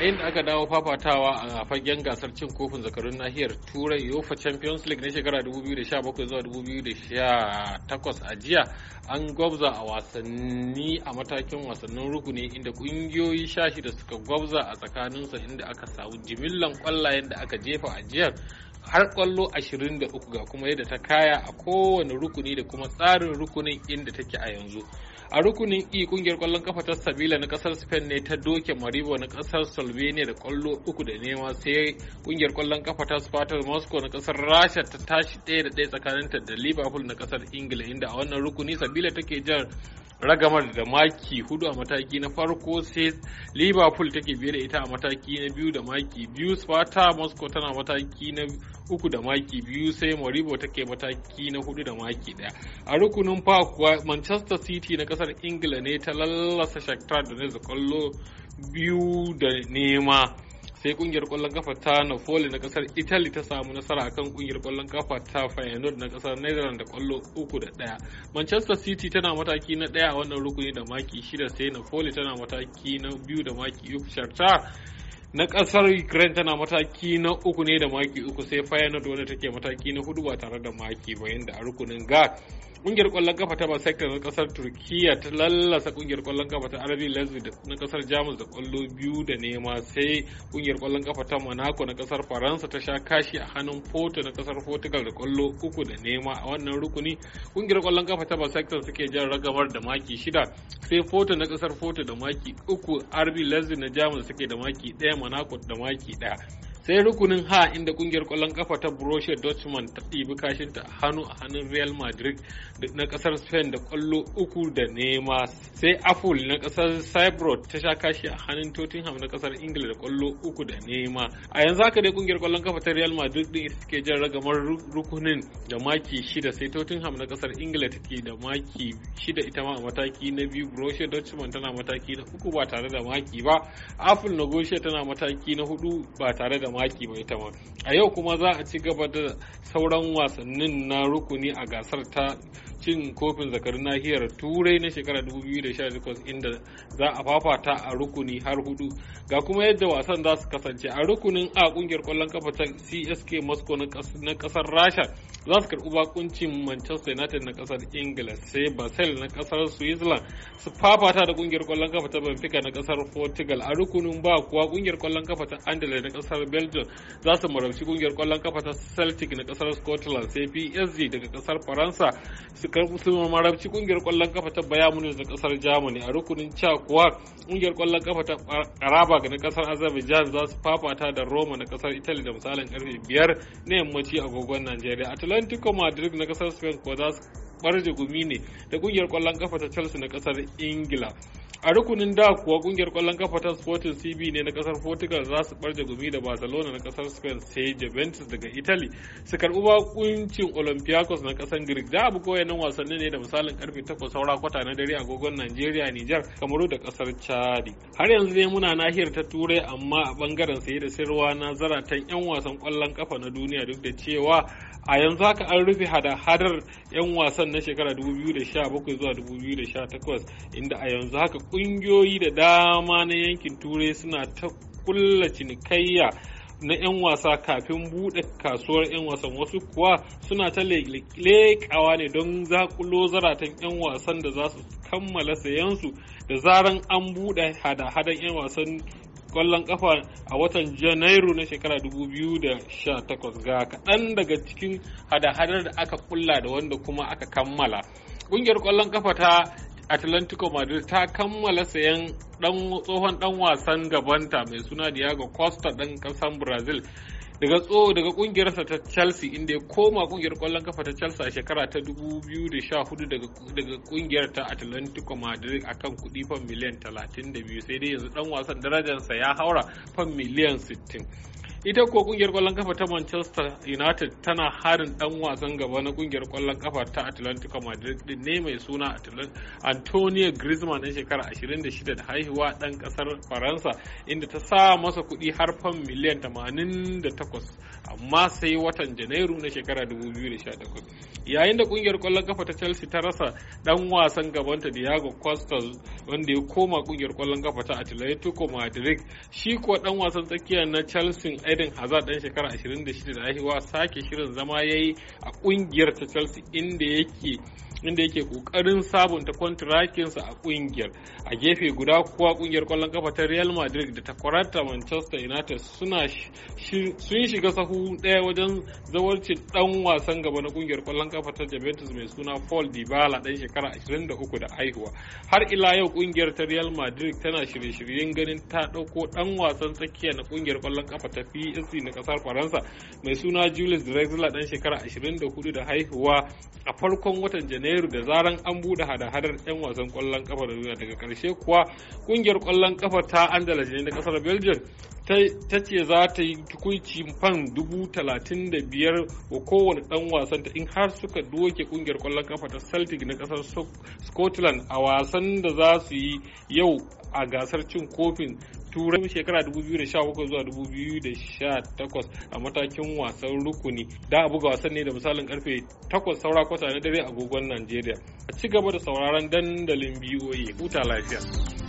yayin da aka dawo fafatawa a fagen gasar cin kofin zakarun nahiyar turai yofa champions league na shekara 2017 zuwa 2018 a jiya an gwabza a wasanni a matakin wasannin rukuni inda kungiyoyi shashi da suka gwabza a tsakaninsa inda aka samu jimillan kwallayen da aka jefa a jiyar har kwallo 23 ga kuma yadda ta kaya a kowane rukuni da kuma tsarin rukunin inda take a yanzu a rukunin e kungiyar kwallon kafa ta sabila na kasar spain ne ta doke maribo na kasar slovenia da kwallo uku da nema sai kungiyar kwallon kafa ta spartan moscow na kasar rasha ta tashi ɗaya da ɗaya tsakaninta da liverpool na kasar ingila inda a wannan rukuni sabila take jan ragamar da maki hudu a mataki na farko sai liverpool take biye da ita a mataki na biyu da maki biyu sparta moscow tana mataki na uku da maki biyu sai moribo take mataki na hudu da maki daya a rukunin fa kuwa manchester city na kasar ingila ne ta lallasa shakhtar da kwallo biyu da nema sai kungiyar kwallon kafa ta Napoli na kasar Italy ta samu nasara akan kungiyar kwallon kafa ta Feyenoord na kasar Netherlands da kwallo uku da ɗaya. Manchester City tana mataki na ɗaya a wannan rukuni da maki shida sai Napoli tana mataki na biyu da maki 3 Shakhtar na kasar ukraine tana mataki na uku ne da maki uku sai fayanod wanda take mataki na hudu ba tare da maki ba da a rukunin ga kungiyar kwallon kafa ta basakta na kasar turkiya ta lallasa kungiyar kwallon kafa ta arabi lesbi na kasar jamus da kwallo biyu da nema sai kungiyar kwallon kafa ta monaco na kasar faransa ta sha kashi a hannun porto na kasar portugal da kwallo uku da nema a wannan rukuni kungiyar kwallon kafa ta basakta suke jan ragamar da maki shida sai porto na kasar porto da maki uku arabi lesbi na jamus suke da maki ɗaya monaco da maki ɗaya sai rukunin ha inda kungiyar kwallon kafa ta Borussia Dortmund ta ɗibi kashinta a hannu a hannun Real Madrid na kasar Spain da kwallo uku da nema sai Apple na kasar Cyprus ta sha kashi a hannun Tottenham na kasar Ingila da kwallo uku da nema a yanzu haka dai kungiyar kwallon kafa ta Real Madrid din suke jan ragamar rukunin da maki shida sai Tottenham na kasar Ingila take da maki shida ita ma a mataki na biyu Borussia Dortmund tana mataki na uku ba tare da maki ba Apple na tana mataki na hudu ba tare da mamaki ba ita a yau kuma za a ci gaba da sauran wasannin na rukuni a gasar ta cin kofin zakarun nahiyar turai na shekarar 2018 inda za a fafata a rukuni har hudu ga kuma yadda wasan za su kasance a rukunin a kungiyar kwallon kafa ta csk moscow na kasar rasha za su karbi bakuncin manchester united na kasar ingila sai basel na kasar switzerland su fafata da kungiyar kwallon kafa ta benfica na kasar portugal a rukunin ba kuwa kungiyar kwallon kafa ta andalus na kasar belgium za su marauci kungiyar kwallon kafa ta celtic na kasar scotland sai psg daga kasar faransa su kakar musulman marabci kungiyar kwallon kafa ta baya munich na kasar germany a rukunin cakuwa kungiyar kwallon kafa ta karaba na kasar azerbaijan za su fafata da roma na kasar italy da misalin karfe biyar na yammaci a agogon nigeria atlantico madrid na kasar spain kuwa za su barje gumi ne da kungiyar kwallon kafa ta chelsea na kasar ingila a rukunin da kuwa kungiyar kwallon kafa ta sporting cb ne na kasar portugal za su barje gumi da barcelona na kasar spain sai juventus daga italy su karbi bakuncin olympiacos na kasar greek da abu koya nan wasanni ne da misalin karfe 8 saura kwata na dare agogon nigeria niger kamaru da kasar chad har yanzu ne muna nahiyar ta turai amma a bangaren saye da sayarwa na zaratan yan wasan kwallon kafa na duniya duk da cewa a yanzu haka an rufe hada-hadar yan wasan na shekara 2017 zuwa 2018 inda a yanzu haka ƙungiyoyi da dama na yankin turai suna ta kulla cinikayya na 'yan wasa kafin buɗe kasuwar 'yan wasan wasu kuwa suna ta leƙawa ne don zakulo zaratan 'yan wasan da za su kammala sayansu da zaran an buɗe hada-hadan 'yan wasan kwallon kafa a watan janairu na shekara 2018 ga kaɗan daga cikin hada-hadar da aka kulla da wanda kuma aka kammala ƙungiyar kwallon kafa ta Atlantico Madrid ta kammala sayan tsohon dan wasan gabanta mai suna Diego Costa dan kasan Brazil daga tso daga kungiyarsa ta Chelsea inda ya koma kungiyar kwallon kafa ta Chelsea a shekara ta 2014 daga kungiyar ta Atlantico Madrid akan kuɗi fan miliyan 32 sai dai yanzu dan wasan darajarsa ya haura fan miliyan 60 ita ko kungiyar kwallon kafa ta manchester united tana harin dan wasan gaba na kungiyar kwallon kafa ta atlantico madrid din ne mai suna antonio griezmann na shekara 26 da haihuwa dan kasar faransa inda ta sa masa kuɗi har fan miliyan 88 amma sai watan janairu na shekara 2018 yayin da kungiyar kwallon kafa ta chelsea ta rasa dan wasan gabanta diego costa wanda ya koma kungiyar kwallon kafa ta atlantico madrid shi kuwa dan wasan tsakiya na chelsea Eden Hazard dan shekara 26 da haihuwa sake shirin zama yayi a kungiyar ta Chelsea inda yake inda yake kokarin sabunta kwantirakinsa a kungiyar a gefe guda kuwa kungiyar kwallon kafa ta real madrid da ta takwarata manchester united suna sun shiga sahu daya wajen zawarci dan wasan gaba na kungiyar kwallon kafa ta juventus mai suna paul dybala dan shekara 23 da haihuwa har ila yau kungiyar ta real madrid tana shirye-shiryen ganin ta dauko dan wasan tsakiya na kungiyar kwallon kafa ta psc na kasar faransa mai suna julius drexler dan shekara 24 da haihuwa a farkon watan janairu janairu da zaran an bude hada-hadar 'yan wasan kwallon kafa da duniya daga karshe kuwa kungiyar kwallon kafa ta andalus ne na kasar belgium ta ce za ta yi tukunci fan dubu talatin da biyar wa kowane dan wasan ta in har suka doke kungiyar kwallon kafa ta celtic na kasar scotland a wasan da za su yi yau a gasar cin kofin turai shekara 2017 zuwa 2018 a matakin wasan rukuni da a buga wasan ne da misalin karfe 8 saura kwata na dare agogon Najeriya. A ci gaba da sauraron dandalin BOA huta lafiya.